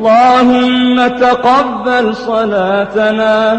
اللهم تقبل صلاتنا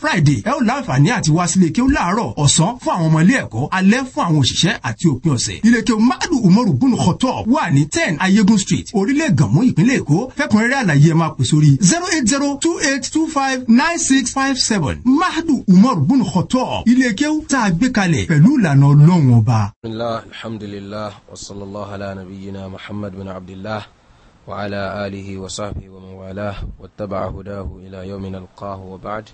friday ẹ ó láǹfààní àti wá sílé kí ó láàárọ̀ ọ̀sán fún àwọn ọmọ ilé ẹ̀kọ́ alẹ́ fún àwọn òṣìṣẹ́ àti òpin ọ̀sẹ̀ ilé kí o madu umaru bunu kọtọ wà ní ten ayégun street orílẹ̀ gànmú ìpínlẹ̀ èkó fẹ́kùnrẹ́rẹ́ àlàyé ẹ máa pè sórí zero eight zero two eight two five nine six five seven madu umaru bunu kọtọ ilé kí ó tá a gbé kalẹ̀ pẹ̀lú ìlànà ọlọ́run ọba. alhamdulilah wa sallallahu ala nabiyyina muhammad bin abdillah. وعلى آله وصحبه ومن والاه واتبع هداه إلى يوم نلقاه وبعد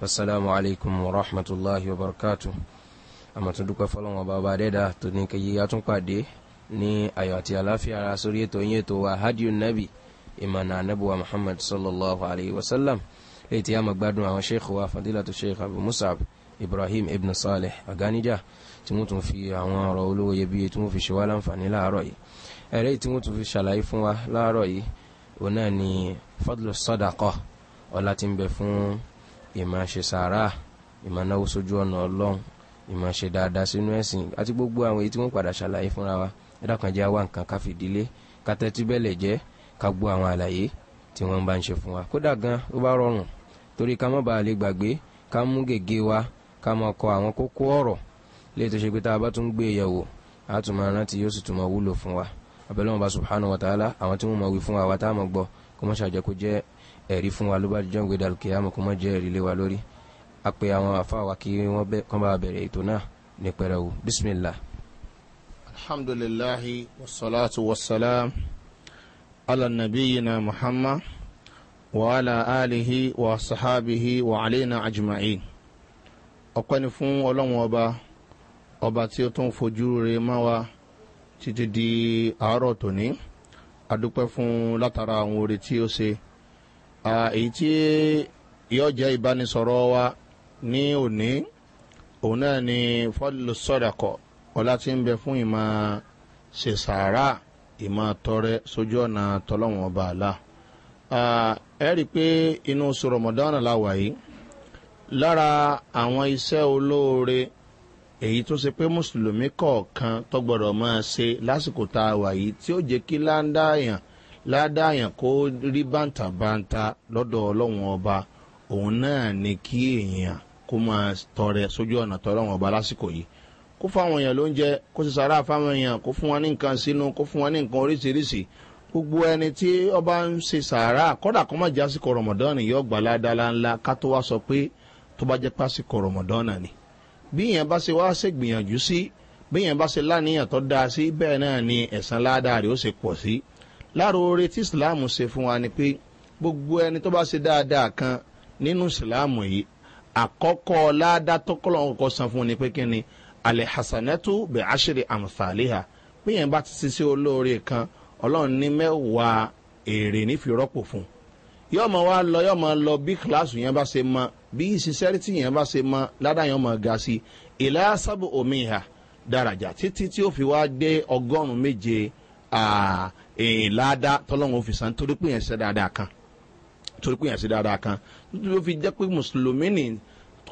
wasalaamu alaykum wa rahmatulahi wa barakatu amatunduka fọlọ́wọ́n bàbá dẹ́dà tó ní kẹyí atúnpàdé ní ayọ̀ àti àláfíà ara sórí ètò yín ètò wa hadiyu nabi ìmọ̀nà anabuwa muhammad sallallahu alayhi wa sallam lè tí a máa gbádùn àwọn sheikh wa fadilatu sheikh abu musab ibrahim ibn saleh aganija tí wọ́n tún fi àwọn ọ̀rọ̀ olówó iyebíye tí wọ́n fi ṣe wá láǹfààní láàárọ̀ yìí ẹ̀rẹ́ tí fi ṣàlàyé fún wa láàárọ̀ yìí òun ni fadlu sadaqah ọlá ti ń bẹ fún ìmọ̀ ṣe sàárà ìmọ̀ náwó sójú ọ̀nà ọlọ́run ìmọ̀ ṣe dáadáa sínú ẹ̀sìn àti gbogbo àwọn èyí tí wọ́n padà ṣàlàyé fúnra wa ẹ̀dàkan jẹ́ àwa nǹkan káfìdílé kátẹ́tí bẹ́lẹ̀ jẹ́ ká gbọ́ àwọn àlàyé tí wọ́n bá ń ṣe fún wa kódà gan ó bá rọrùn torí ká má bàa lè gbàgbé ká mú gègé wa ká máa kọ àwọn kókó ọ̀rọ̀ léyìí tó ṣe pé tá ẹ̀rí fún wa ló bá jọ́ ìgbéda lókè àmọ́ kó mọ́ jẹ́ ẹ̀rí lé wa lórí a pe àwọn àfáwà kí wọ́n kàn bá bẹ̀rẹ̀ ètò náà ní pẹ̀rẹ̀wò bisimilah. alhamdulilahi wasalaatu wasalaam ala nabiyina muhammad wa ala alihi wa sahabihi wa alena ajma'in ọpẹ́ ni fún ọlọ́run ọba ọba tí ó tún fojú rẹ máa wá títí di àárọ̀ tòní adúpẹ́ fún látara àwọn oore tí ó ṣe. Ah. èyí tí yóò jẹ́ ìbánisọ̀rọ̀ wa ní òní òun náà ni fọ́lù sọ̀dàkọ̀ ọlá tí ń bẹ fún ìmọ̀ ṣe sàárà ìmọ̀ tọrẹ sójú ọ̀nà tọ́lọ́wọ̀n ọba àlá ẹ rí i pé inú oṣù rọmọdánà láwà yìí lára àwọn iṣẹ́ olóore èyí tó ṣe pé mùsùlùmí kọ̀ọ̀kan tó gbọ́dọ̀ máa ṣe lásìkò tá a wà yìí tí ó jẹ́ kí láńdá èèyàn ládàáyàn kó rí bàǹtàbàǹtà lọ́dọ̀ ọlọ́run ọba òun náà ni kí èèyàn kó máa tọrẹ sójú ọ̀nà tọ́lọ́run ọba lásìkò yìí kó fáwọn èèyàn lóúnjẹ kó sì sára fáwọn èèyàn kó fún wọn ní nǹkan sínú kó fún wọn ní nǹkan oríṣiríṣi gbogbo ẹni tí ọba ń ṣe sàárà kọ́dà kó má jẹ́ àsìkò rọmọdọ́nì yóò gbà ládàá ńlá ká tó wá sọ pé tó bá jẹ́ pásìkò rọmọdọ́nà ni bí èèyàn bá ṣe wá ṣègbìyànjú sí bí èèyàn bá ṣe láníyàn tó dáa sí bẹ́ẹ̀ náà ni ẹ̀sán ládàá rẹ̀ ó ṣe pọ̀ sí lára oore tí ìsìláàmù ṣe fún wa ni pé gbogbo ẹni tó bá ṣe dáadáa kan nínú ìsìláàmù yìí àkọ́kọ́ ládá tọ́kọ́lọ́ kọ́kọ́ san fún ni pé kí ni alihasanatu bẹ aṣèrè àǹfààlíhà bí yẹn bá ti ṣiṣẹ́ olóore kan ọlọ́run ní mẹ́wàá èrè nífi rọ́pò fún yóò mọ wá lọ yóò mọ lọ bí kíláàsì yẹn bá ṣe mọ bí ìṣiṣẹ́rìtì yẹn bá ṣe mọ ládá yẹn mọ ga sí ìlà sábò omi ìhà dàrájà títí tí ó fi wá dé ọgọ́rùn-ún méje láàdá tọ́lọ́run fi san torí pé yẹn ṣe dáadáa kan torí pé yẹn ṣe dáadáa kan nítorí ó fi jẹ́ pé mùsùlùmí ni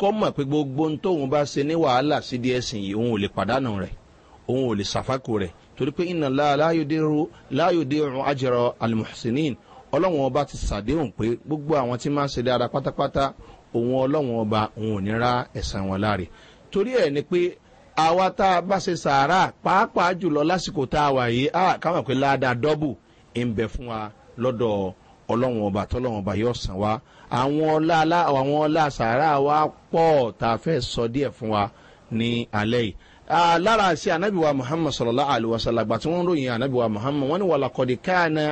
kọ́ mọ̀ pé gbogbo ohun tóun bá ṣe ní wàhálà sí díẹ̀ sìn yìí òun ò lè pàdánù rẹ̀ òun ò lè ṣàfákò rẹ̀ torí pé iná láàyòdè rún àjẹrọ alimuhsinin ọlọ́run ọba ti ṣàdéhùn pé gbogbo àwọn tí máa ń ṣe dáadáa pátápátá òun ọlọ́run ọba òun ò ní ra ẹ̀sán wọn láre torí ẹ̀ ni pé àwa tá a bá ṣe sàárà pàápàá jùlọ lásìkò tá a wà yìí a káwọn pé ládàá dọ́bù ń bẹ fún wa lọ́dọ̀ ọlọ́wọ̀n ọba tọ́lọ́wọ̀n ọba yóò sàn wá àwọn ọlá àwọn ọlá sàárà wa pọ̀ tá a fẹ́ sọ díẹ̀ fún wa ní alẹ́ yìí lára sí anabiwa muhammad sallallahu alaihi wa sallam gbàtí wọn ròyìn anabiwa muhammad wọn ni wàlàkọ̀dì káàna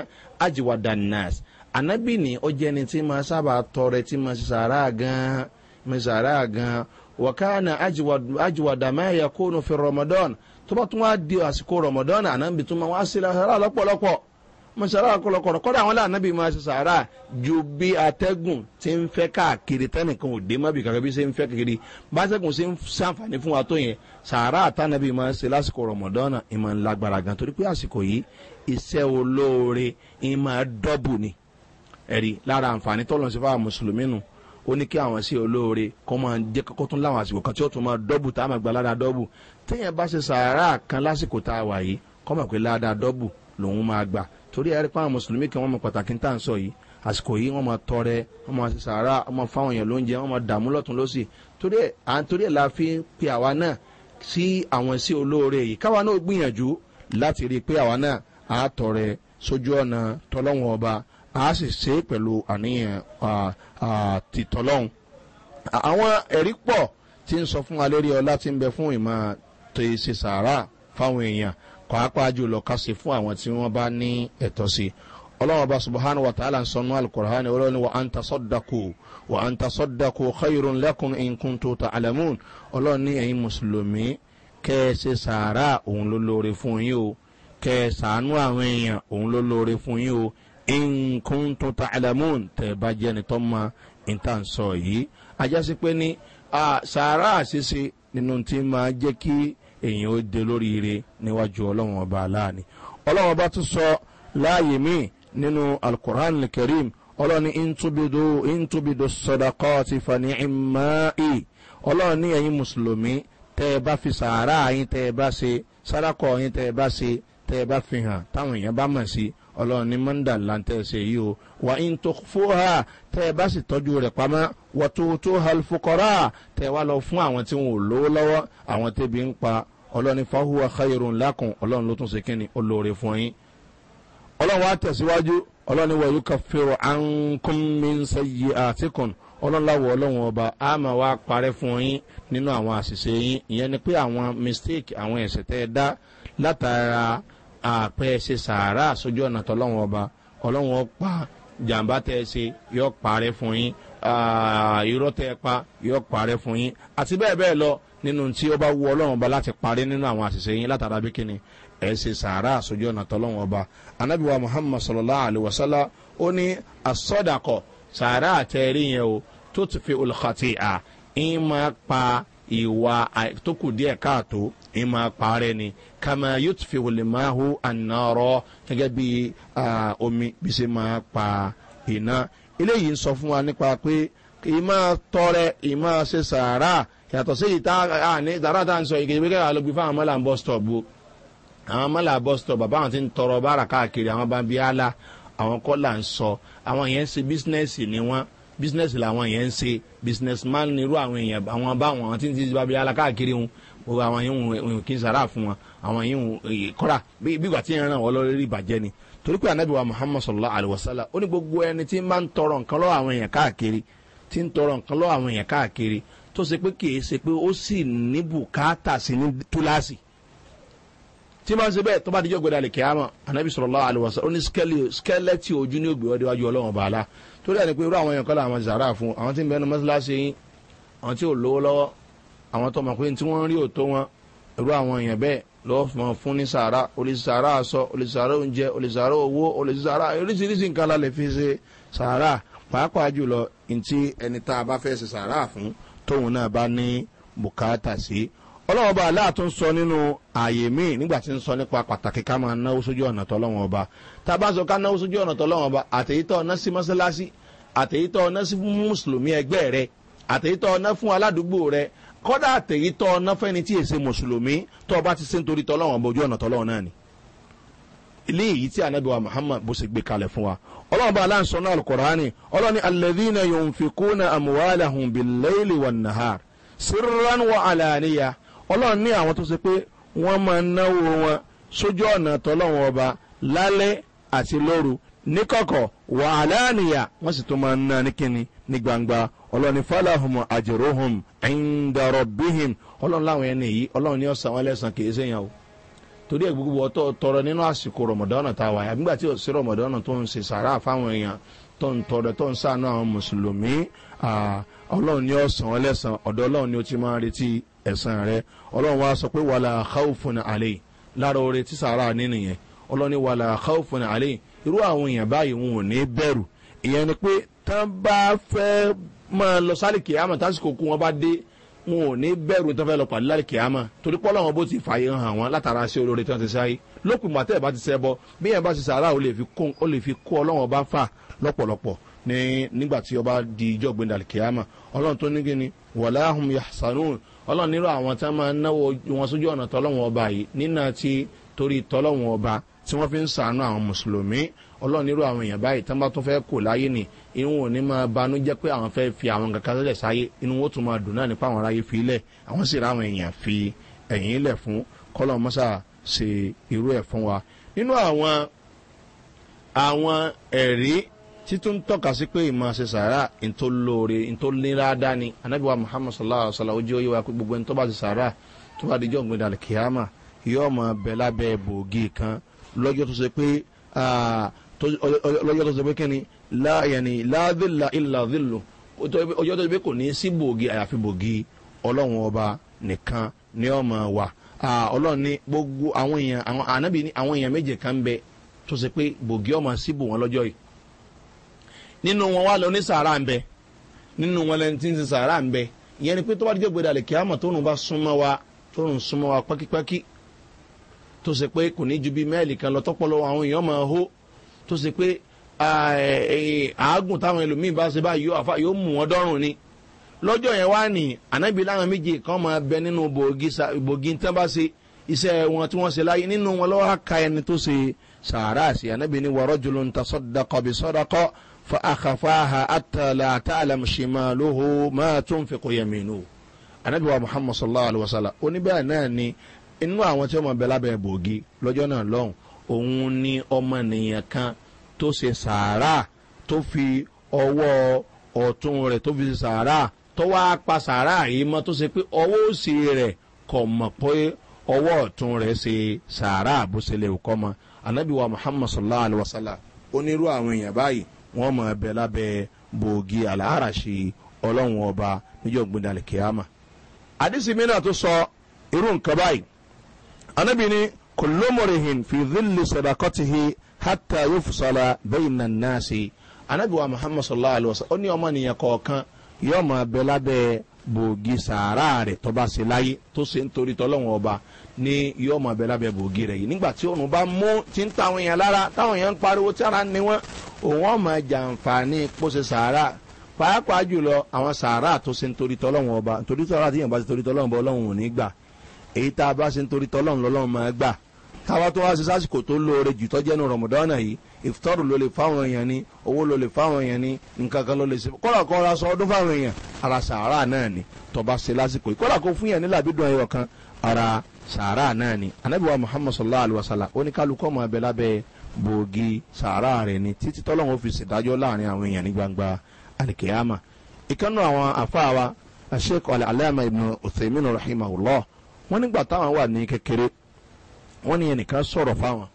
ajiwa danas anabi ni ó jẹni tí ma sábà tọrẹ tí ma sàárà gan ma sàárà gan wakana ajiwada mẹ́yẹ kónú fi Ramadan tó bá tún wá di àsìkò rọmọdán ànábì tún máa wá sí sàrà lọ́pọ̀lọpọ̀ mo sàrà lọ́pọ̀lọpọ̀ kọ́dà àwọn làánábì máa ṣe sàrà ju bí atẹ́gùn ti ń fẹ́ káàkiri tẹ́nìkan ò dé mọ́bì kàkẹ́ bí ṣe ń fẹ́ kiri bátẹ́gùn ṣe ń ṣàǹfààní fún wa tó yẹn sàrà àtànábì máa ṣe lásìkò rọmọdán ìmọ̀ ńlágbára gan torí pé àsìkò yìí iṣẹ́ olóore ìmọ̀ dọ́bù ni ẹ̀rí lára àǹfààní tọ́lọ́ mùsùlùmí nù ó ní kí àwọn sí olóore kó máa jẹ́ kókó tún láwọn àsìkò kan tí ó tún máa dọ́bù tá a máa gba ládàá dọ́bù téèyàn bá ṣe sàárà kan lásìkò tá a wà yìí kọ́ mọ̀ pé ládàá dọ́bù lòun máa gbà torí ẹ̀rí pa àwọn mùsùlùmí kan wọ́n mọ pàtàkì tá à ń sọ yìí àsìkò yìí wọ́n máa tọrẹ wọ́n máa ṣe sàárà wọ́n máa fáwọn èèyàn lóúnjẹ wọ́n máa dààmú lọ́tún lọ́sì torí à ń torí ẹ̀ la fi pe àwa náà sí àwọn sí olóore yìí káwa náà gbìyànjú láti rí i pé àwa náà àá tọrẹ sójú a sì ṣe é pẹ̀lú àníyàn tìtọ́lọ́hún. àwọn ẹ̀rí pọ̀ tí ń sọ fún wa lérí ọlá tí ń bẹ fún ìmọ̀ tẹ ṣe sàárà fáwọn èèyàn pàápàá jùlọ ká ṣe fún àwọn tí wọ́n bá ní ẹ̀tọ́ sí i bá subahana wa ta'ala ń sọnù alukur'ani ọlọ́ni wa an ta sọ́dakù wa an ta sọ́dakù khayrun lẹ́kùn nkún tó ta alamun ọlọ́ni ẹ̀yin mùsùlùmí kẹ́ sàárà òun ló lóore fún yín o kẹ́ àwọn èèyàn òun ló lóore fún yín o nkuntun ta'alamun tẹ̀ bá jẹ́ ni tọ́ ma nta n sọ yìí ajásí pé ní sàárà àṣìṣe nínú tí máa jẹ́ kí èèyàn ó de lóríire níwájú ọlọ́run ọba aláàni ọlọ́run ọba tún sọ láàyè míì nínú alukur'an kareem ọlọ́ni intubido intubido sọdakọ́ ti fani ìmáì ọlọ́run ní ẹ̀yin mùsùlùmí tẹ́ ẹ bá fi sàárà yín tẹ́ bá ṣe sádàkọ́ yín tẹ́ bá ṣe tẹ́ bá fi hàn táwọn èèyàn bá mọ̀ sí i ọlọ́run ní mọ́ndà lantẹ́ ṣe yìí o wà ń tó fóhà tẹ́ ẹ bá sì tọ́jú rẹ̀ pamọ́ wọ́n tó tó halfukọ́rà tẹ́ ẹ wá lọ fún àwọn tí wọn ò lówó lọ́wọ́ àwọn tẹ́bi ń pa ọlọ́run ní fahuwa khayron lakun ọlọ́run ló tún ṣe kíni olóore fún yín ọlọ́run wa tẹ̀síwájú ọlọ́run ní wọ̀nyí ká fèrò ànkúnmínsẹ́yì àtìkùn ọlọ́run láwọ̀ ọlọ́run ọba á máa parẹ́ fún yín nínú àwọn àṣìṣe yín ìyẹn ni pé àwọn mistake àwọn ẹ̀sẹ̀ tẹ́ ẹ dá látara àpẹ ṣe sàárà sójú ọ̀nà tọ́lọ́wọ́n ọba ọlọ́wọ́n pa jàǹbá tẹ́ ẹ ṣe yọ parẹ́ fún yín irọ́ tẹ́ ẹ pa yọ parẹ́ fún yín àti bẹ́ẹ̀ bẹ́ẹ̀ lọ nínú tí ó bá wú ọlọ́wọ́n ọba láti parẹ́ nínú àwọn àṣìṣe yín látara bí kíni ẹ ṣe sàárà sójú ọ̀nà tọ́lọ́wọ́n ọba anábìwá muhammad sallallahu alayhi wa sallam ó ní asọ́dàkọ̀ sàárà tẹ́ ẹ rí yẹn o tó ti fi olùkàtì à ń máa pa ìwà tó kù díẹ̀ káàtó ìmọ̀ àpárẹ́ ni kàmá yóò fi wòlé máa hu àná rọ gẹ́gẹ́ bí omi bí ṣe máa pa iná eléyìí ń sọ fún wa nípa pé ìmọ̀ tọrẹ ìmọ̀ ṣe sàárà yàtọ̀ sí ìta àní ìtara tá à ń sọ ìkejì pé kẹ́kẹ́ àlọ́gbé fáwọn mọ́là bus stop o àwọn mọ́là bus stop bàbá ti ń tọrọ bára káàkiri àwọn bá bí àlà àwọn kọ́ ń sọ àwọn yẹn ń ṣe bísínẹ́sì ni wọ́n business làwọn yẹn ń ṣe business man nírú àwọn èèyàn àwọn báwọn tí ń ti bá bí alákàkiri wọn gbogbo àwọn yìí wọn kì í sara fún wọn àwọn yìí wọn kọ́ra bí ìgbà tí yẹn ràn wọ́n lórí ìbàjẹ́ ni torí pé anabi muhammad sallallahu alaihi wa sallam ó ní gbogbo ẹni tí máa ń tọrọ nǹkan lọ́wọ́ àwọn èèyàn káàkiri tí ń tọrọ nǹkan lọ́wọ́ àwọn èèyàn káàkiri tó ṣe pé kì í ṣe pé ó sì ní bùkátà sí ní túláàsì tí máa ń ṣe bẹ́ẹ̀ tó bá dijọ́ gbẹdẹ àlèkè àmọ́ anabi sọ̀rọ̀ lọ́wọ́ àlùwàsá ó ní skẹ́lẹ́tì ojú ní ògbé ọdẹ wájú ọlọ́run bàálà torí àni pé irú àwọn èèyàn kọ́ làwọn zàrà fún àwọn tí ń bẹnu mọ́sálásí yín àwọn tí ò lówó lọ́wọ́ àwọn tó mọ̀ pé tí wọ́n ń rí òtó wọn irú àwọn èèyàn bẹ́ẹ̀ lọ́wọ́ mọ̀ fún ní sàrà olùsàrà aṣọ olùsàrà oúnjẹ olùsàrà owó olùsàrà ọlọ́wọ́n bá aláàtún sọ nínú ààyè míì nígbà tí ń sọ nípa pàtàkì ká máa náwó sójú ọ̀nà tọ́lọ́wọ́n ọba tá a bá sọ ká náwó sójú ọ̀nà tọ́lọ́wọ́n ọba àtẹ̀yítọ́ ọ̀nà sí mọ́sálásí àtẹ̀yítọ́ ọ̀nà sí mùsùlùmí ẹgbẹ́ rẹ àtẹ̀yítọ́ ọ̀nà fún aládùúgbò rẹ kọ́dà àtẹ̀yítọ́ ọ̀nà fẹ́ni tí èsè mùsùlùmí tó bá ti ṣe nítorí tọ́lọ́wọ́n ọba ojú ọ̀nà tọ́lọ́wọ́n náà tí anabi muhammad bó ṣe gbé kalẹ̀ fún wa ọlọ́run bá aláǹsọ náà alukur'ani ọlọ́run alẹ́dínà yòówù kúnà àmúwálà hùn bí lẹ́yìn wà nàhàr sírran wà àlàníyà ọlọ́run ní àwọn tó ṣe pé wọ́n máa ń náwó wọn sójú ọ̀nà tọ́lọ́wọ́n ọba lálẹ́ àti lóru níkọ̀kọ̀ wàhálà àníyà wọ́n sì tún máa ń ná ní kíni ní gbangba ọlọ́run fàlàhùn àjẹróhùn ẹ̀ńdàrọ̀ bíhìm ọlọ́run láwọn ẹni ọlọ́run ní ọ̀sán wọn lẹ́sàn o ẹ̀sán rẹ ọlọ́run wa sọ pé wàlà àkàwùfún àlẹ́ lára oore tí sàrà nínú yẹn ọlọ́run ni wàlà àkàwùfún àlẹ́ irú àwọn èèyàn báyìí wọn ò ní bẹ̀rù ìyẹn ni pé tán bá fẹ́ máa lọ sálìkì àmọ̀ tásìkò kú wọn bá dé wọn ò ní bẹ̀rù tán fẹ́ lọ pàdé lálìkì àmọ̀ torí pọ́ láwọn bó ti fààyè hàn wọn látara sí olóore tí wọ́n ti sáyé lópin màtẹ́ bá ti sẹ́ bọ́ bí yẹn bá ti sàrà ó lè fi kó ọlọ́run bá fà lọ́pọ̀lọpọ̀ ní nígbà tí ọba di ìjọ́gbìn dàlìkì àmọ̀ ọlọ́run tó ní kí ni wàláhùn yahsanun ọlọ́run nírò àwọn tá máa náwó wọn sójú ọ̀nà tọ́lọ́wọ́n ọba yìí nínà ti torí tọ́lọ́wọ́n ọba tí wọ́n fi ń sàánú àwọn mùsùlùmí ọlọ́run nírò àwọn èèyàn báyìí tán bá tún fẹ́ kò láyé ni inú wọn ò ní máa banú jẹ́ pé àwọn fẹ́ fi àwọn kankan sílẹ̀ sáyé inú wọn tún máa dùn náà nípa àwọn aráyé fi ilẹ̀ àwọn sì ra àwọn èèyàn fi ẹ̀yìn ilẹ̀ fún kọ́lọ́ wa nínú àwọn àwọn ẹ̀rí títún tọ́ka sí pé ìmọ̀ ṣe sàárà ìtò lóore ìtò níláàdá ni anábìwá muhammad sallallahu alaihi wa sallam ojú oyè wa pé gbogbo ẹni tó bá ṣe sàárà tó bá dijọ́ gbẹ̀dẹ̀ alikiyama yóò mọ bẹ lábẹ́ bòógì kan lọ́jọ́ tó ṣe pé lọ́jọ́ tó ṣe pé kíni láyẹ̀ni láàdìlà ìlàdìlò ọjọ́ tó ṣe pé kò ní sí bòógì àyàfi bòógì ọlọ́run ọba nìkan ni ó mọ wà ọlọ́run ní gbogbo àwọn èèyàn àwọn ànábì àwọn èèyàn méje kan bẹ tó ṣe pé bòógì ọmọ síbò wọn lọ́jọ́ yìí nínú wọn wá lọ ní sàárà ń bẹ nínú wọn lẹni tí ń sin sàárà ń bẹ ìyẹn ni pé tó bá dé gbèdà lè kí àmọ̀ tóun bá súnmọ́ wa tóun súnmọ́ wa pákípákí tó ṣe pé kò ní ju bíi mẹ́ẹ̀lì kan lọ tọ́pọ̀lọ́ àwọn èèyàn máa hó tó pé àágùn táwọn ẹlòmíì bá ṣe bá yóò mú wọn dọ́rùn ni lọ́jọ́ yẹn wá ní ànábì láwọn méje kan máa bẹ nínú bògì tán bá ṣe iṣẹ́ فأخفاها حتى لا تعلم شماله ما تنفق يمينه النبي wa muhammad sallallahu alaihi wa sallam oníbẹ̀rẹ̀ náà ni inú àwọn tí wọ́n bẹ lábẹ́ bòógì lọ́jọ́ náà lọ́hùn òun ni ọmọnìyàn kan tó ṣe sàárà tó fi ọwọ́ ọ̀tún rẹ̀ tó fi ṣe sàárà tó wá pa sàárà yìí mọ́ tó ṣe pé ọwọ́ òsì rẹ̀ kọ̀ mọ̀ pé ọwọ́ ọ̀tún rẹ̀ ṣe sàárà bó ṣe lè kọ́ mọ́ anabi wa sallallahu alaihi wa sallam onírú àwọn èèyàn báyìí wọ́n mọ̀ ẹbẹ̀ lábẹ́ bòógì àlàáràṣì ọlọ́run ọba níjọ́ gbẹ̀dàlẹ̀ kìámà. àdìsí mìíràn tó sọ irú nǹkan báyìí anábì ni kòlómọ̀rìhìn fi dhìlì sọ̀dàkọ́tìhì hàtà yóò fùsọ̀lá bẹ́yìn náà náà sí i anábì wa muhammad sallallahu alayhi wa sallam ó ní ọmọ nìyẹn kọ̀ọ̀kan yóò mọ̀ ẹbẹ̀ lábẹ́ bòógì sàárà rẹ̀ tó bá láyé tó se nítorí tọ́lọ́run ọba ni yóò mọ abẹ lábẹ bòógì rẹ yìí nígbà tí òun bá mú tí ń táwọn èèyàn lára táwọn èèyàn ń pariwo tí ara ni wọn òun ọmọ jàǹfààní pósè sàárà pàápàá jùlọ àwọn sàárà tó ṣe ń torí tọlọ́wọ́n ọba torí sàárà tí yẹn bá ṣe torí tọlọ́wọ́n ọba ọlọ́run ò ní gbà èyí tá a bá ṣe ń torí tọlọ́wọ́n lọ́lọ́run máa gbà táwa tó wá ṣe sásìkò tó lóore jù tọ́jẹ́ nu rọ̀mọ̀dọ́nà yìí ìfitọ́rù ló lè fáwọn èèyàn ni owó ló lè fáwọn èèyàn ni nǹkan kan ló lè ṣe kódà ra sọ ọdún fáwọn èèyàn ara sàárà náà ni tọba ṣe lásìkò yìí kódà fún yẹn ní làbídùn ayọ̀ kan ara sàárà náà ni anabiwa muhammad sallallahu alaihi wa sallam oníkálukọ́ ọmọ abẹ lábẹ́ bòógì sàárà rẹ̀ ni títí tọ́lọ́wọ́n fi ṣèdájọ́ láàrin àwọn èèyàn ní gbangba alikiyama ìkànnù àwọn afáà wa asheik alalama ibn uthaymin rahimahullah wọn nígbà táwọn wà ní kékeré wọn ní ẹnìkan sọ̀rọ̀ fáwọn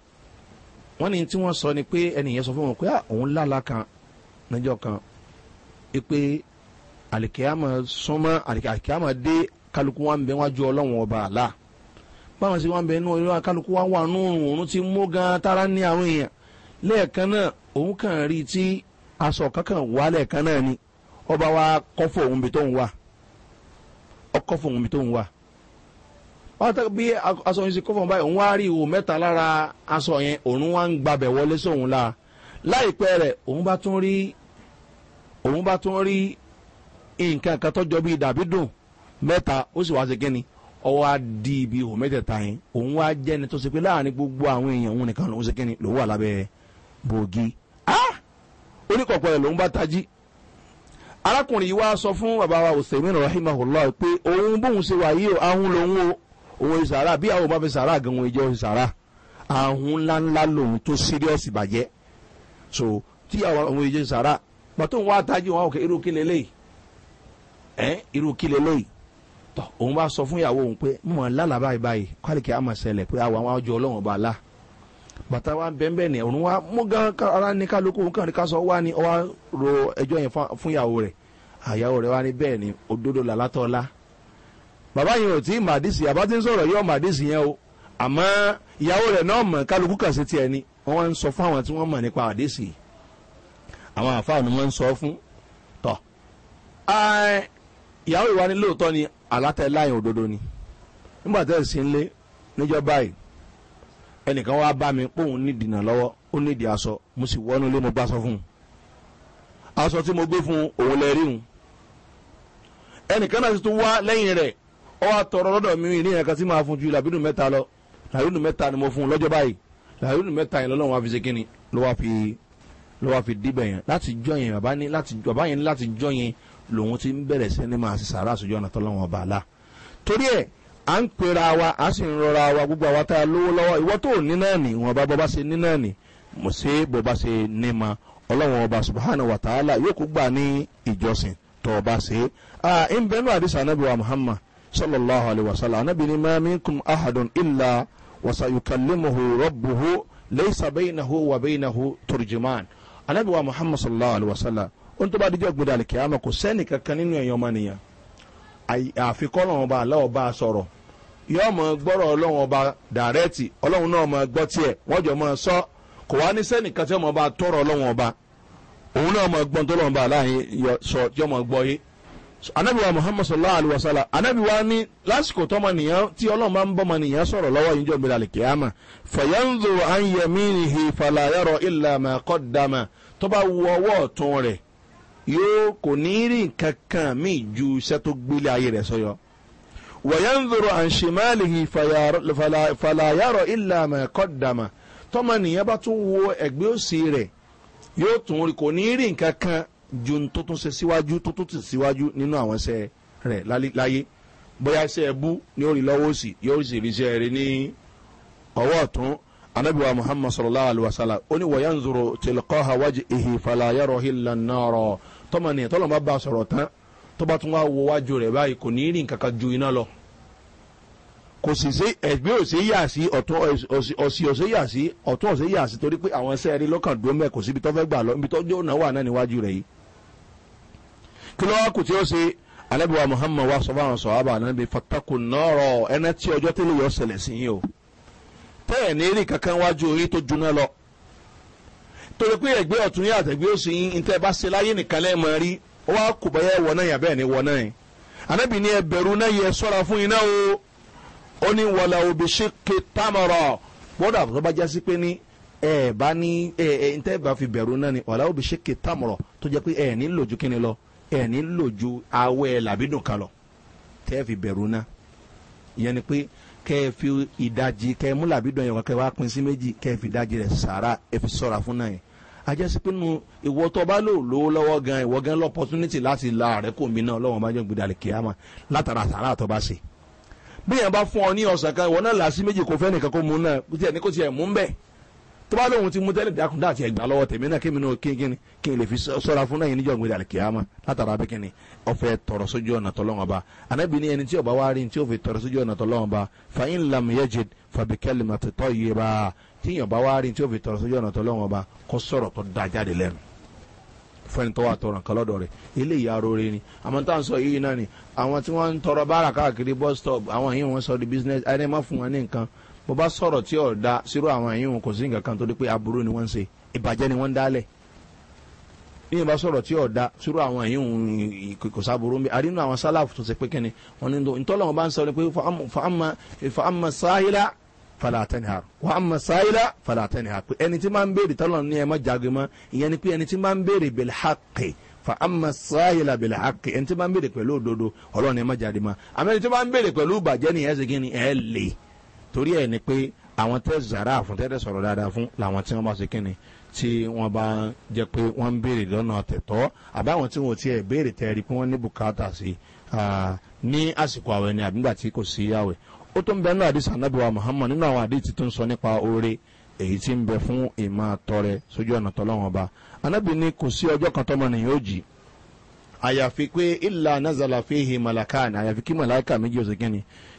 wọn ní tí wọn sọ ni pé ẹnìyẹn sọ fún wọn pé òun lálàá kan níjọ kan pé alikiyama súnmọ́ alikiyama dé kálukú wọn bẹ wájú ọlọ́wọ́n ọba àlá báwọn sì wá ń bẹ inú ìlú akálukú wá wà nù òun òun ti mú gan tara ní àwọn èèyàn lẹ́ẹ̀kan náà òun kàn rí i tí aṣọ kankan wà lẹ́ẹ̀kan náà ni ọba wa kọ́fọ̀ òun bí tó ń wà ọkọ́fọ̀ òun bí tó ń wà wọ́n tẹ́ bí aṣọ yẹn ti kọ́fọ̀ báyìí òun wá rí ihò mẹ́ta lára aṣọ yẹn òun wá ń gbabẹ̀ wọlé sóun la láìpẹ́ rẹ̀ òun bá tún rí òun bá tún rí nǹkan kan tọ́jọ́ bíi dàbí dùn mẹ́ta ó sì wá sí kínni ọwọ́ á di ibi òun mẹ́tẹ̀ẹ̀ta yẹn òun wá jẹ́ ẹni tó ṣe pé láàrin gbogbo àwọn èèyàn òun nìkan lòun ṣe kí ni lòun wà lábẹ́ bògì ah! oníkọ̀ọ̀pọ̀ rẹ̀ lòun bá tají arákùnrin yìí wá sọ fún bàbá wa òsèmí rahimahullah pé òun bóun ṣe wà yìí o ahun lòun o òun ìsàrà bí àwọn ọba sàrà gan òun ìjọ ìsàrà ahun ńláńlá lòun tó síríọ́sì bàjẹ́ so tí àwọn òun ìjọ ìsàrà pàtó òun wá tají wọn àwọn irú kí lélẹ́yìí irú kí lélẹ́yìí tọ̀ òun bá sọ fún ìyàwó òun pé mọ̀ lálà báyìí báyìí kọ́lìkì àmọ̀ ṣẹlẹ̀ pé àwọn àwọn ọjọ́ ọlọ́run ọba là bàtà wa bẹ́ẹ̀ ni òun wa mú gan ara ní kálukú òun kàn ní ká sọ wá ní ọwá ro ẹjọ́ yẹn fún ìyàwó rẹ̀ àyàwó rẹ̀ wá ní bẹ́ẹ̀ ni òdodo là látọ̀ ọlá bàbá yẹn ò tí ì màdìsí àbá tí ń sọ̀rọ̀ yọ màdìsí yẹn o àmọ́ ìyàwó rẹ̀ náà mọ̀ kálukú kàn sí tiẹ̀ ni wọ́n ń sọ fún àwọn tí wọ́n mọ̀ nípa àdìsí àwọn àfáà ni wọ́n ń sọ fún tọ̀ ìyàwó ìwà ni lóòótọ́ ni àlátẹ láyìn òdodo ni nígbà tẹ́ ẹ̀ sí ńlé níjọ́ báyìí ẹnìkan wá bá mi pòun ní ìdìnà lọ́wọ́ ó ní ìdí aṣọ mo sì wọ́nú ilé mo bá sọ fún un aṣọ tí mo gbé fún òun lẹ rí un ẹnìkan náà sì tún wá lẹ́yìn rẹ̀ ọ wá tọrọ lọ́dọ̀ mi ní ẹ̀ka tí màá fún ju làbínú mẹ́ta lọ làbínú mẹ́ta ni mo fún un lọ́jọ́ báyìí làbínú mẹ́ta yẹn lọ́lọ́run wá fi ṣe kíni ló wá fi ló wá fi díbẹ̀ yẹn láti jọ yẹn bàbá yẹn láti jọ yẹn lòun ti ń bẹ̀rẹ̀ sí ni máa ṣe sàrà àṣojú ọ̀nà tọ́lọ́wọ́n bàálà torí ẹ̀ à ń pera wa à sì ń rọra wa gbogbo àwa tá a lówó lọ́wọ́ ìwọ́ tó ní náà nì wọ́n bá bọ́bá ṣe ní náà nì mo ṣe bọ́bá ṣe ní ma ọlọ́wọ́n ọba subahana wa ta'ala yóò kó gbà ní ìjọsìn tó ọba ṣe é ń bẹ́ẹ̀ nù àdìsá anábì wa muhammad sallallahu alayhi wa sallam anábì ni maa mi kum ahadun illa wasayukalimuhu rabbuhu leysa beynahu wa beynahu turjiman anábì wa muhammad sallallahu alayhi wa sallam ó ní tó bá dijọ́ gbọdọ̀ àlèkè àmọ́ kò sẹ́ni kankan nínú ẹ̀yàn ọmọnìyàn àfikọ́ ọlọ́run ọba àlọ́ ọba sọ̀rọ̀ yóò mọ gbọ́rọ̀ ọlọ́run ọba dàrẹ́tì ọlọ́run náà mọ gbọ́ tiẹ̀ wọ́n jọ mọ sọ kò wá ní sẹ́ni kan tí ọmọ ọba tọrọ ọlọ́run òun náà mọ gbọ́n tó lọ́run ọba láàyè sọ tí ọmọ gbọ́ yé anabi wa muhammad sallallahu alaihi wa sallam anabi wa ni lásìkò tọmọ nìyẹn tí ọlọ́run bá ń bọ́ ọmọ nìyẹn sọ̀rọ̀ lọ́wọ́ yìí jọ mi lálẹ́ kíámà fẹ̀yẹ́nzò anyamínihi falayọ̀rọ̀ ìlànà kọ́dàmà tó bá wọ yóò kò ní rí nǹkan kan míì ju iṣẹ́ tó gbélé ayé rẹ̀ sọ́yọ́ wọ̀yẹ́nzoro àǹṣemáàlìhì fàlàyàrọ̀ ìlànà kọ́dàmà tọ́mọnìyàn bá tún wo ẹ̀gbẹ́ òsì rẹ̀ yóò tún rí kò ní rí nǹkan ju tó ṣe síwájú tó ṣe síwájú nínú àwọn iṣẹ́ rẹ̀ láyé bóyá iṣẹ́ ẹbú ni ó rí lọ́wọ́ òsì yóò sì rí ní ọwọ́ ọ̀tún anabiwa muhammad sallallahu alaihi wa sallam ó ní wọ̀yẹ́nzoro tìlkọ́ hawájú ìhì fàlàyàrọ̀ ìlànà tọ́mọ nìyẹn tọ́lọ́mọ bá sọ̀rọ̀ tán tó bá tún wá wo wájú rẹ̀ báyìí kò ní rìn kankan ju iná lọ kò sì sí ẹgbẹ́ òsè yà sí ọ̀tún ọ̀sì òsè yà sí ọ̀tún òsè yà sí torí pé àwọn sẹ́ẹ̀rí lọ́kàn dúró mẹ́ kò síbi tó fẹ́ gbà lọ ibi tó yóò náà wà náà níwájú rẹ̀ yìí. kí ló wá kù tí ó ṣe alábìwá muhammad wa sọ fáwọn sọ àbá náà bí fatakù nọ́ọ̀rọ̀ ẹni tí ọjọ́ tẹ́lẹ̀ yọ ṣẹlẹ̀ sí yìí o torí pé ẹ̀gbẹ́ ọ̀tún yín àtẹ̀gbẹ́ òsì yín ní tẹ́ ẹ bá ṣe láyé nìkan lẹ́ẹ̀ mọ̀ rí ó wá kò bá yẹ wọ náà yàn bẹ́ẹ̀ ni wọ náà yẹn anábì ní ẹ náà yẹ sọ́ra fún iná o ó ní wọlé òbí ṣe ké támọ̀rọ̀ gbọ́dọ̀ àbùtọ́ bá jásí pé ní ẹ bá ní ẹ ẹ ní tẹ́ ẹ bá fi bẹ̀rù náà ni wọlé òbí ṣe ké támọ̀rọ̀ tó jẹ́ pé ẹ ní lò ju kíni lọ ẹ ní lò ju awẹ́ làbídùn kan lọ tẹ́ ẹ fi bẹ̀rù náà ìyẹn ni pé kẹ fi ìdajì kẹ múlàbídùn yẹn kẹ wá pin sí méjì kẹ fi ìdajì rẹ sàrà ẹ fi sọra fún náà yẹn àjẹsí pinnu ìwọ tó bá lò lówó lọ́wọ́ gan ìwọ gan lọ́pọ̀tunítì láti la ààrẹ kò mí náà ọlọ́wọ́n bá jẹ́ gbìdàlẹ̀ kíámà látara sàrà tó bá ṣe. bí yẹn bá fún ọ ní ọ̀sán kan ìwọ náà là sí méjì kò fẹ́ nìkan kó mú náà kó tiẹ̀ ní kó tiẹ̀ mú ń bẹ̀. tó bá lóun ti mú tẹ́lẹ̀ dákun dáàtì ẹ̀gbà lọ́wọ́ tèmi náà kí mi náà kí n kí n lè fi sọ́ra fún náà níjọ́ gbìdàlẹ̀ kíámà látara bí kíni ọ̀fẹ́ tọ̀rọ̀ sójú ọ̀nà tọ́lọ́wọ́n ba anábì ní ẹni tí ọba wa rí ní tí ó fi tọ̀rọ̀ sójú ọ̀nà tọ́lọ́wọ́n ba fa in lam yejid fa bi kẹ́lí tíyàn bá wá rí tí ó fi tọrọ sójú ọ̀nà tọ́lọ́wọ́n ọba kó sọ̀rọ̀ tó da jáde lẹ́nu fẹ́ni tó wà tọrọ nǹkan lọ́dọ̀ rẹ̀ eléyìí aróore ni àmọ́ tá à ń sọ yìí náà ni àwọn tí wọ́n ń tọrọ bára káàkiri bus stop àwọn yìí wọ́n sọ di business ẹni má fún wọn ní nǹkan bó bá sọ̀rọ̀ tí ò da sírò àwọn yìí wọn kò sí nǹkan kan tó pé aburú ni wọ́n ń ṣe ìbàjẹ́ ni wọ́n ń dálẹ̀ yìí bá sọ̀rọ̀ tí ọ̀dà sírò àwọn èyí ń kò sábòrò ń bẹ àrínú àwọn sálàfù tó ṣe pé kẹ́ni wọn ní fala tẹnihar wa ama sáyidá fala tẹnihar pé ẹni tí máa ń béèrè tọ́lọ̀ ní ẹ má jagun mọ́ ìyẹn ni pé ẹni tí máa ń béèrè bẹ̀lẹ̀ hàkì fa ama sáyidá bẹ̀lẹ̀ hàkì ẹni tí máa ń béèrè pẹ̀lú òdodo ọlọ́run ní ẹ má jagun mọ́ àmọ́ ẹni tí máa ń béèrè pẹ̀lú ni ẹ torí ẹ ni pé àwọn tẹ́ zara fún tẹ́ sọ̀rọ̀ dáadáa fún làwọn tí wọ́n bá sì kíni tí wọ́n bá jẹ́ pé wọ́n ń béèrè lọ́nà tẹ̀tọ́ àbáwọn tí wọ́n ti ẹ̀ béèrè tẹ́ rí ní bùkátà sí ní àsìkò àwẹ̀ ni àbígbà ó tó ń bẹ nínú àdìsí anábìwá muhammad nínú àwọn àdìsí tó ń sọ nípa oore èyí tí ń bẹ fún ìmọ̀ àtọrẹ sójú ọ̀nà tọ́lọ́wọ́n ọba anábì ní kò sí ọjọ́ kan tọ́mọ nìyẹn ó jì àyàfi pé ilà nazala fihi àyàfi kí malaka méjì ó sì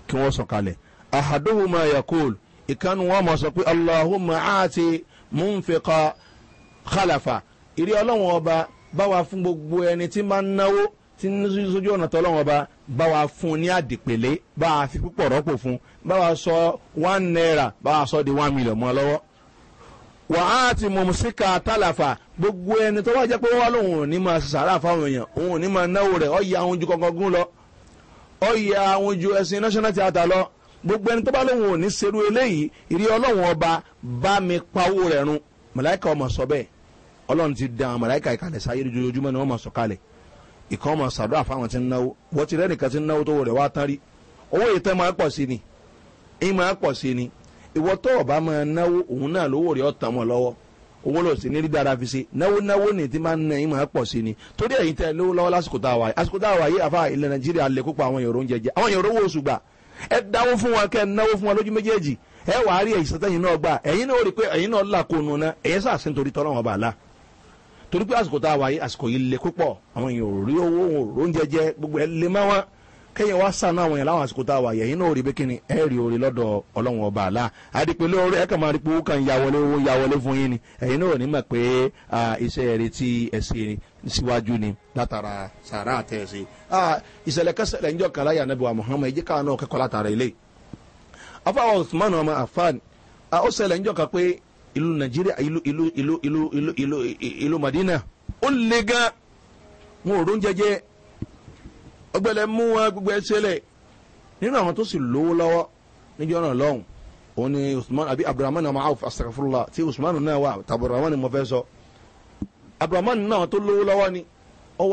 kí wọ́n sọ kalẹ̀ ahaduhuma yakul ìkànnì wọn mọ̀ sọ pé allahumma aati munfika khalafa ìrí ọlọ́wọ́n ọba báwa fún gbogbo ẹni tí máa ń náwó tí ń sójú ọ̀nà tọ́lọ́wọ́n ọba bá wa fún ní àdìpèlé bá a fi púpọ̀ rọ́pò fún bá wa sọ one naira bá wa sọ di one million mọ́ lọ́wọ́ wà á ti mọ̀ síkà tálàfà gbogbo ẹni tó wá jẹ́ pé wọ́n wá lòun ò ní máa sàrà fáwọn èèyàn òun ò ní máa náwó rẹ̀ ọ̀yà àwọn ojú kankan gún lọ ọ̀yà àwọn ojú ẹ̀sìn national theatre lọ gbogbo ẹni tó bá lòun ò ní serú eléyìí ìrí ọlọ́run ọba bá mi pawó rẹ̀ run mọ̀láìkà ọmọ sọ bẹ́ẹ̀ ọlọ́run ti dàn mọ̀láìkà ìkàlẹ̀ sáyé lójoojúmọ́ ni wọ́n mọ̀ sọ kalẹ̀ ìkan ọmọ sàdúrà fáwọn tí ń náwó wọ́n ti rẹ́nìkan tí ń náwó tó wọ̀ rẹ̀ wá tán rí owó yìí tán máa pọ̀ sí ni èyí máa pọ̀ sí ni ìwọ tó ọ̀bá máa náwó òun náà lówó rẹ̀ ọ̀tàn mọ̀ lọ́wọ́ owó lò sí ní rí dára fi ṣe náwó náwó ní ti máa ń ná ìmọ̀ pọ̀ sí ni torí ẹ̀yin tẹ́ lówó lọ́wọ́ lásìkò tá a wà yìí àsìkò tá a wà àfa ilẹ̀ nàìjíríà lè kópa àwọn èrò oúnjẹ jẹ àwọn èrò owó gbà ẹ dáwó fún wọn kẹ́ náwó fún wọn lójú méjèèjì ẹ wàá rí ẹ̀yìn sẹ́tẹ̀yìn náà gbà ẹ̀yin náà rí pé ẹ̀yin náà làkóònù náà ẹ̀yin sàṣẹ́ nítorí tọ́lọ́wọ́n bàálà torí pé àsìkò tá a wà yìí àsìkò yìí le púpọ̀ àwọn èèyàn ò rí owó wọn ò róúnjẹ jẹ gbogbo ẹ lè má wọn kẹyìn wá sànú àwọn èèyàn láwọn àsìkò tá a wà yìí náà rí bẹ́kìnì ẹ rí orí lọ́dọ̀ ọlọ́run ọba àlá àdìpẹ́ lórí ẹ kàn máa rí pé owó kan ya wọlé owó ya wọlé fún yín ni ẹ̀yin náà ní mọ̀ pé iṣẹ́ rẹ ti ẹ̀sìn síwájú ni látara sàrà àtẹ̀sí. ìṣẹ̀lẹ̀ kẹsẹ̀lẹ̀ ńjọ kàlá yà nàbẹ̀wà muhammed ẹ̀jẹ̀ náà kẹ́kọ̀ọ́ látara ilé. afáwọn usman ọmọ afan ó ṣẹlẹ̀ ńjọ kan pé ìlú nàìjíríà ìlú ìlú ìlú ìlú ìlú ìlú ìlú madina ó le gan wọn ò róúnjẹ jẹ ọgbẹlẹ mú wọn gbogbo ẹsẹ lẹ nínú àwọn tó sì lówó lọwọ níjọ náà lọhùn òun ni usman abi abdulrahman ọmọ auf asakafurula tí usman náà wà taburahman mo fẹ sọ abdulrahman náà tó lówó lọwọ ni ó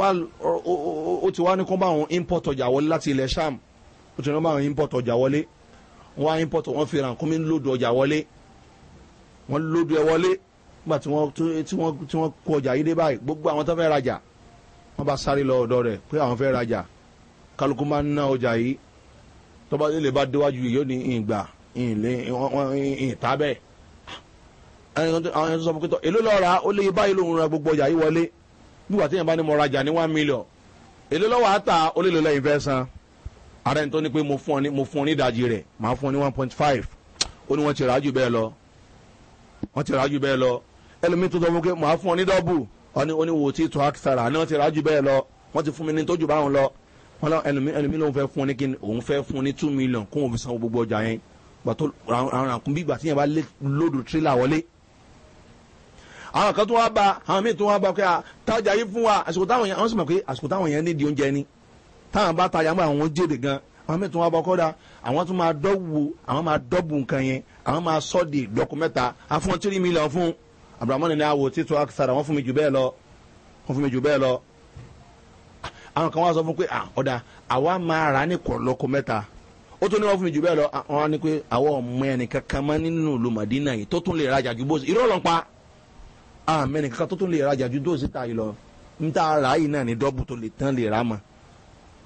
ti wá ní kó bá àwọn import ọjà wọlé láti ilẹ̀ sham ó ti ní kó bá àwọn import ọjà wọlé wọn á import wọn fi ràn kó mi ń lòdù ọjà wọlé wọ́n lójú ẹ wọlé nígbà tí wọ́n tí wọ́n kó ọjà yìí dé báyìí gbogbo àwọn tó fẹ́ rajà wọ́n bá sáré lọ ọ̀dọ́ rẹ̀ pé àwọn fẹ́ rajà kálukú máa ń ná ọjà yìí tọ́ba lè bá déwájú yìí yóò ní ìgbà ìlé ìta bẹ́ẹ̀ àwọn ẹni tó sọ fún kíntọ́ èló lọ́ọ́ ra ó lé báyìí lòun ra gbogbo ọjà yìí wọlé nígbà tí yẹn bá ní mo rajà ní one million èló lọ́wọ́ àtà ó lè lọ lẹ́yìn fẹ́ san ara ẹni tó ní pé mo fún ọ ní ìdajì rẹ̀ màá fún ọ ní one point five ó ní wọ́n ti rà á jù bẹ́ẹ̀ lọ wọ́n ti rájú bẹ́ẹ̀ lọ ẹlòmíín tó sọ fún pé màá fún ọ ní dọ́bù oníwò tí tó àkísàrà àná wọ́n ti rájú bẹ́ẹ̀ lọ wọ́n ti fún mi ní tójú báwọn lọ wọ́n lọ ẹlòmíín lòun fẹ́ fún ní kíni òun fẹ́ fún ní two million kó òun fi san gbogbo ọjà yẹn gbàtó àwọn àkùn bí ìgbà tí yẹn bá lódò tírélà wọlé àwọn kan tó wá ba àwọn míì tó wá ba pé tájà yìí fún wa àsìkò táwọn yẹn wọ́n sì mọ̀ pé àsìkò táwọn yẹn nídìí oúnjẹ ni táwọn bá tajà mọ́ àwọn jèrè gan àwọn míì tó wá ba kọ́da àwọn tó máa dọ́wọ́ àwọn máa dọ́bù nǹkan yẹn àwọn máa sọ di dọkumẹ́ta afọ tírí mílíọ̀n fún abdulhamani ní awo títú akisara wọn fún mi jù lọ wọ́n fún mi jù lọ àwọn kan wá sọ fún pé à ah, ọ̀dà àwa máa rà ní ó tún ní fún mi jù lọ àwọn ah, á pé àwọn ọmọ ẹni kankan máa nínú yìí tó tún lè rajà ju bóòsì irọ́ lọ́n àmọ́ tó tún lè rajà ju dóòsì ta yìí lọ ara yìí náà ní dọ́bù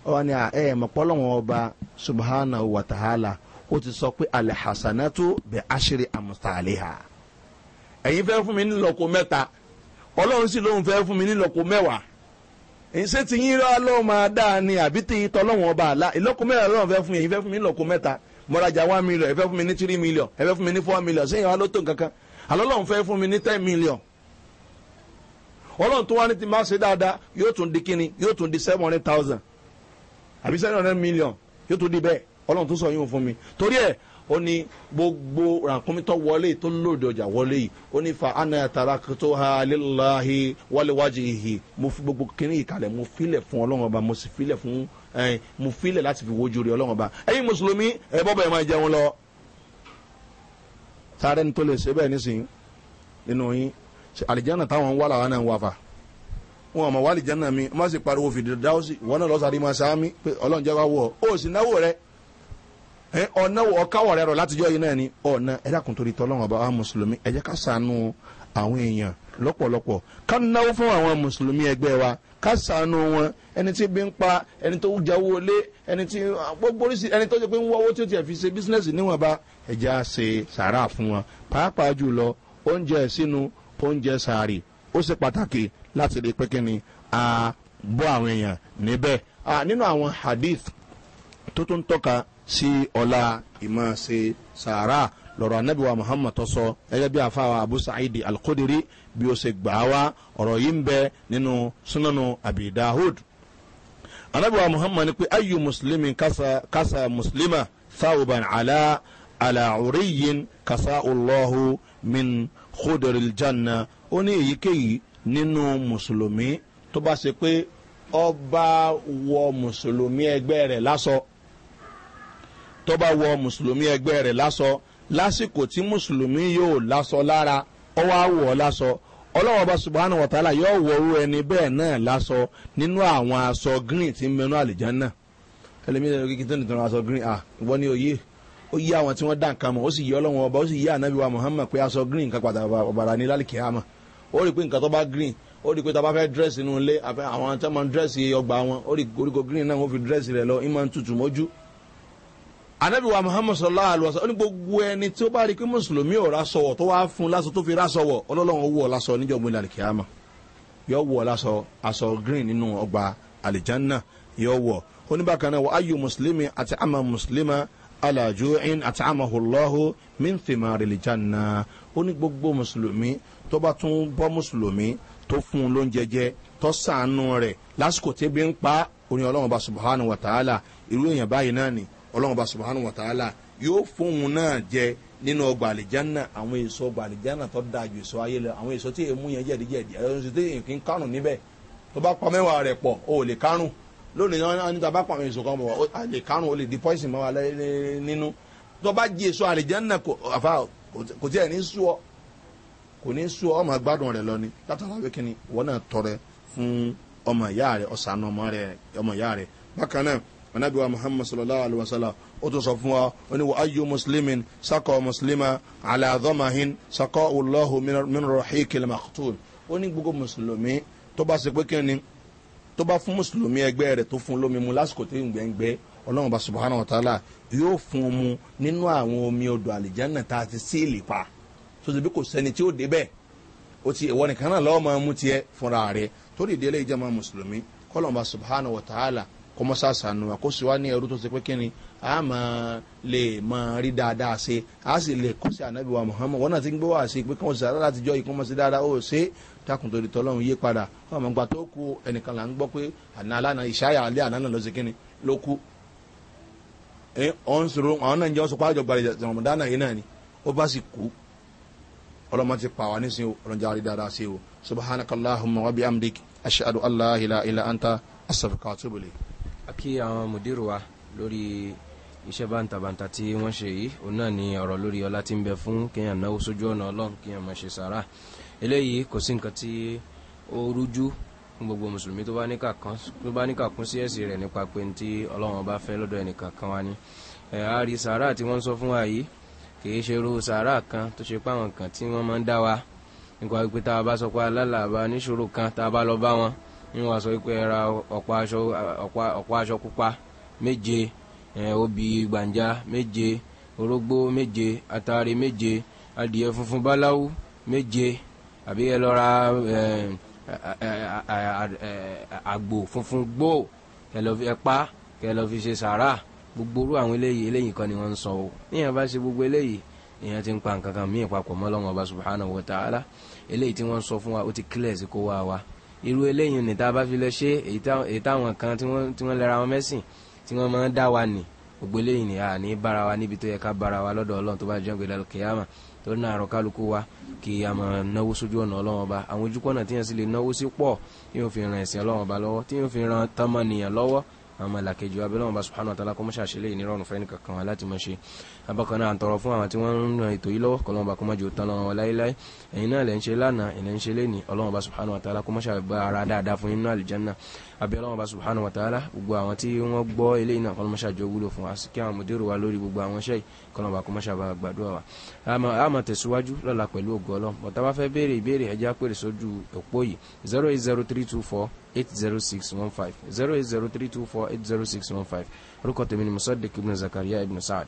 ọ ní ẹ̀ ọba ó ti sọ pé alihasanatu bẹ aṣèrè amusaleha ẹ̀yin fẹ́ fún mi ní lọ́kọ mẹ́ta ọlọ́run sì lóun fẹ́ fún mi ní lọ́kọ mẹ́wàá ìṣe ti yín rọ́ lọ́wọ́ máa dá a ní àbí tí ìtọ́ lọ́wọ́ ọba àlá ìlọ́kọ mẹ́ta lọ́wọ́ fẹ́ fún mi ẹ̀yin fẹ́ fún mi ní lọ́kọ mẹ́ta mọ́rajà one million ẹ̀fẹ́ fún mi ní three million ẹ̀fẹ́ fún mi ní four million sẹ́yìn wa ló tó nǹkankan àlọ́lọ́run fẹ́ fún mi ní ten million ọlọ́run tó wá ní ti máa ṣe dáadáa yóò tún di kíni yóò tún di seven hundred thousand àbí seven hundred million yóò tún di bẹ́ẹ̀ ọlọ́run tó sọ yín fún mi torí ẹ̀ ó ní gbogbo rànkúnmí tó wọlé tó lòdì ọjà wọlé yìí ó ní fa anaya tara tó ha aléláhi wáléwájú ìhì mo fi gbogbo kínní ìkàlẹ̀ mo filẹ̀ fún ọlọ́run ọba mo sì filẹ̀ fún ẹ mo filẹ̀ láti fi wojú rẹ ọlọ́run ọba ẹyin mùsùlùmí ẹ bọ́bọ̀ ẹ máa jẹun lọ. sáré ní tó lè ṣe bẹ́ẹ̀ nísìnyí nínú yín àlìjáná táwọn ń wá làwọn náà ń wá fa wọn àmọ wàlìjáná mi má sì pariwo fìdí dáwọ́sì wọn náà lọ́sàrí máa sáá mi pé ọlọ́run ọ̀nà ọ̀káwọ̀ rẹ̀ rọ̀ láti jọ́ yìí náà ni ọ̀nà ẹ̀dá kun torí tọ́lọ́wọ̀n ọba àwọn mùsùlùmí ẹ jẹ́ ká sànú àwọn èèyàn lọ́pọ̀lọpọ̀ ká náwó fún àwọn mùsùlùmí ẹgbẹ́ wa ká sànú wọn ẹni tí bí ń pa ẹni tó jáwó lé ẹni tí gbogbo oríṣi ẹni tó jẹ pé ń wọ́ owó tí ó tiẹ̀ fi ṣe bísínẹ́sì níwọ̀nba ẹ jẹ́ à ṣe sàrà fún wọn pàápàá jùlọ oúnjẹ sínú oúnjẹ sàárì ó ṣe pàtàkì láti rí pé kí ni a bọ́ àwọn èèyàn níbẹ̀ nínú àwọn hadith tó tún tọ́ka sí ọlá ìmọ̀ ṣe sàárà lọ́rọ̀ anábìwá muhammad tó sọ gẹ́gẹ́ àfàwà abu sa'id al-kudiri bí ó ṣe gbà wá ọ̀rọ̀ yìí ń bẹ nínú sunanu abi dahud anábìwá muhammad ni pé ayu muslim kasa kasa muslima thawban ala ala uriyin kasa ulahu min kudiri janna ó ní èyíkéyìí nínú mùsùlùmí tó bá ṣe pé ọba wọ mùsùlùmí ẹgbẹ́ rẹ̀ lásọ tó bá wọ mùsùlùmí ẹgbẹ́ rẹ̀ lásọ lásìkò tí mùsùlùmí yóò lásọ lára ọ wá wọ̀ ọ́ lásọ ọlọ́wọ́ bá subahana wọ̀tálà yóò wọ orú ẹni bẹ́ẹ̀ náà lásọ nínú àwọn aṣọ green tí ń mẹnu àlìján náà ẹlẹ́mìíràn kí kí tó nìtàn aṣọ green à ìwọ ni òye ó yí àwọn tí wọ́n dá nǹkan mọ̀ ó sì yí ọlọ́wọ́n ọba ó sì yí ànábì wa muhammad pé aṣọ green nǹkan pàtàkì ọ̀bàrà ní lálẹ́ kìámà ó rí i pé nǹkan tó bá green ó rí i pé tá a bá fẹ́ dírẹ́sì inú ilé àwọn tó máa dírẹ́sì ọgbà wọn ó rí koríko green náà wọ́n fi dírẹ́sì rẹ̀ lọ ìmọ̀ tutù mọ́jú anabi wa muhammad sallallahu alaihi wa sallam ó ní gbogbo ẹni tí ó bá rí i pé mùsùlùmí ò ra sọwọ tó wàá fún lásọ tó fi ra sọwọ ọlọ́lọ́run owó ọ̀làsọ níjọ́ gbé lálẹ́ kíámà yóò wọ ọ̀làsọ aṣọ green nínú ọgbà àlìjánná yóò wọ oníbàkan náà wọ ayò mùsùlùmí àti àmà mùsùlùmá alájú in àti àmà hùlọ́hù mìntìmá rìlìjánná ó ní gbogbo mùsùlùmí tó bá tún bọ́ mùsùlùmí tó fún un lóúnjẹ jẹ tó sàánú rẹ̀ lásìkò tẹ́bí ń pa oní ọlọ́run bá subhanahu wa ta'ala irú èèyàn báyìí náà ni ọlọ́run bá subahana wa ta'ala yóò fóun náà jẹ nínú ọgbà àlìjánà àwọn èso ọgbà àlìjánà tó dáa ju èso ayé lọ àwọn èso tí èmu yẹn jẹ̀díjẹ̀dí àwọn èso tí èkì ń kánù níbẹ̀ tó bá pa mẹ́wàá rẹ̀ pọ̀ o ò lè kánù lónìí náà níta bá pa àwọn èso kan bọ̀ a lè kánù o lè di pọ́ìsì mọ́ wa nínú tó bá jí èso àlìjánà kò tí ẹ̀ ní sú ọ kò ní sú ọ ọmọ gbádùn rẹ lọ ni látara wíkẹ́ ni wọ́n náà tọrẹ fún ọmọ ìyá rẹ ọ̀sán ọmọ ìyá rẹ bákan náà anabi wa muhammad sallallahu alaihi wa sallam o tún sọ fún wa o ní wa ayu muslimin sakọ muslima alaadọmahin sakọ ulahu minrohi kilmaktul o ní gbogbo mùsùlùmí tó bá se pé kí ni tó bá fún mùsùlùmí ẹgbẹ́ rẹ̀ tó fún lómi mu lásìkò tó ń gbẹ̀ngbẹ́ ọlọ́run bá subahana wa ta'ala yóò fún un mu nínú àwọn omi odò àlìjánà tá ti síìlì pa tó ti bí kò sẹ́ni tí ó o ti ìwọ nìkan náà lọ́wọ́ máa mú tiẹ̀ fúnra rẹ̀ torí ìdílé ìjọba subahana wa ta'ala kọmọsàsànù àkóso wa ní ẹrú tó ṣe pé kí ni a máa lè máa rí dáadáa ṣe a sì lè kọ́ sí anabi wa muhammed wọn náà ti ń gbé wá sí pé kí wọ́n sì dáadáa láti jọ yìí kí wọ́n sì dáadáa ó ṣe takùn torí tọ́lọ́run yé padà wọn àmọ́ gba tó kú ẹnìkan là ń gbọ́ pé àná alánà ìṣáyà alẹ́ àná náà ló ṣe kí ni ló kú ọ̀n sọ̀rọ̀ àwọn náà ń jẹ́ ọ̀sọ̀pá àjọgbà ìjọmọ̀dánà yìí náà ni ó bá sì kú ọlọ́mọ ti pa wá nísìnyí ọlọ́njà rí dáadáa sí o subhanakallahumma wa bi ashadu allah ila ila anta asafika atubule kí àwọn mùdírù wa lórí iṣẹ́ bántabànta tí wọ́n ṣe yìí òun náà ni ọ̀rọ̀ lórí ọlá tí ń bẹ fún kéèyàn náwó sójú ọ̀nà ọlọ́run kéèyàn máa ṣe sàrà eléyìí kò sí nǹkan tí ó rújú fún gbogbo mùsùlùmí tó bá níkà kún sí ẹ̀sìn rẹ̀ nípa pé tí ọlọ́run bá fẹ́ lọ́dọ̀ ẹnìkan kan wá ẹ̀ á rí sàrà tí wọ́n sọ fún wa yìí kìí ṣe irú sàárà kan tó ṣe pàwọn kan tí wọ́n máa ń dá wa nípa pé tá a bá sọ pé alálàbá níṣòro kan tá a bá lọ bá wọn ní wọn sọ pé ẹ ra ọ̀pá aṣọ pupa méje obì gbàǹjà méje orógbó méje atare méje adìyẹ funfun báláwú méje àbí ẹ lọ ra àgbò funfun gbó ẹ pa kẹ lọ fi ṣe sàrà gbogbo orú àwọn eléyìí eléyìí kan ni wọn ń sọ o níyàn bá ṣe gbogbo eléyìí èèyàn ti ń pa nǹkan kan míì papọ̀ mọ́ lọ́wọ́ ọba subhanahu wa ta'ala eléyìí tí wọ́n ń sọ fún wa ó ti kílẹ̀ sí kó wá wa irú eléyìí nìta bá fi lọ ṣe èyí táwọn kan tí wọ́n lẹ́ra wọn mẹ́sìn tí wọ́n máa ń dá wa nì gbogbo eléyìí ni àní bára wa níbi tó yẹ ká bára wa lọ́dọ̀ ọlọ́run tó bá jẹ́ gbẹ̀dẹ̀ kìyàmà tó ní àrùn kálukú wa kì í àmọ̀ náwó sójú ọ̀nà ọlọ́run ọba àwọn ojúkọ̀nà tí yẹn sì lè náwó sí pọ̀ tí yóò fi ran ẹ̀sìn ọlọ́run ọba lọ́wọ́ tí yóò fi ran tọmọnìyàn lọ́wọ́ àwọn ìlàkejì wa bí ọlọ́run ọba subhanahu wa ta'ala kó mọ́ ṣàṣẹlẹ̀ ìnirọ̀rùn fẹ́ni kankan wa láti mọ̀ ṣe abákan náà àtọrọ fún àwọn tí wọ́n ń ran ètò yìí lọ́wọ́ kọlọ́mọba kó má jò tán lọ́wọ́ láéláé ẹ̀yin náà lẹ́ ń ṣe lánàá ẹ̀yin ń ṣe lẹ́ni ọlọ́mọba subhanahu wa ta'ala kó má ṣàgbà ara dáadáa fún inú àlìjánná àbí ọlọ́mọba subhanahu wa ta'ala gbogbo àwọn tí wọ́n gbọ́ eléyìí náà kọlọ́mọ ṣàjọ wúlò fún wa kí àwọn mùdírù wa lórí gbogbo àwọn iṣẹ́ yìí kọlọ́mọba kó má ṣàbà gbàdúrà wa a máa tẹ̀síwájú lọ́la pẹ̀lú ògo ọlọ́run bọ̀tá bá fẹ́ béèrè ìbéèrè ẹ̀já pèrè sójú òpó yìí zero eight zero three two four 80615 08032480615 orúkọ tèmi ni musaddiq ibn zakariya ibn saad